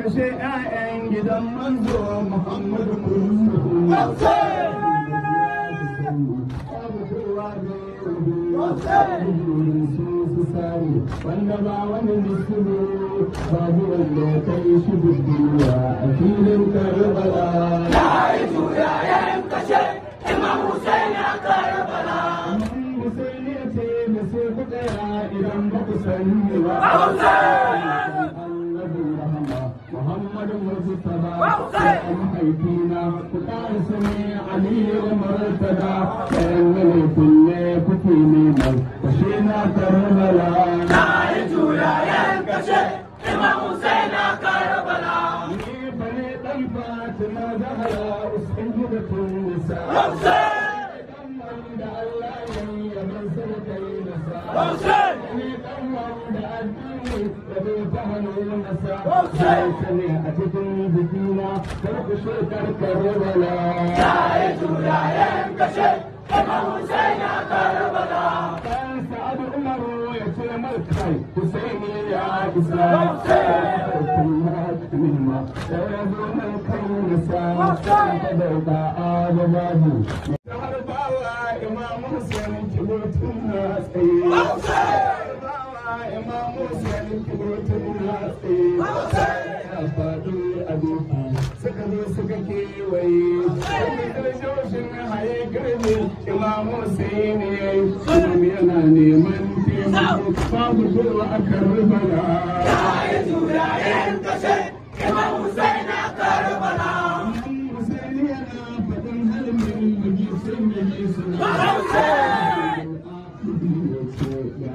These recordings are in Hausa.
kashe 'ya'yan gidan manzo Muhammadu Mustafa. Wanda ba wani musulmi babu wanda ta yi shi budurwa a filin Karbala. Ya yi juya ya yi kashe Imam Hussein a Karbala. Imam Hussein ya ce da sai kuɗaya idan ba ku sani ba. mahaifina ku ƙarasa karbala jura karbala جاهد ولا ينكشف كما حسين كربلاء كان سعد عمر يا مركب حسين يا اسلام مما سيبدو من كل نساء بيضاء الله امام حسين جبتنا سيد mutum na a duhu suka zo kewaye wani garjoshin sai ne yana neman taimako babu kowa a rubala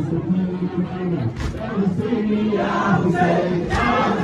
Hussein, Ya Eu sou o Ya é Hussein.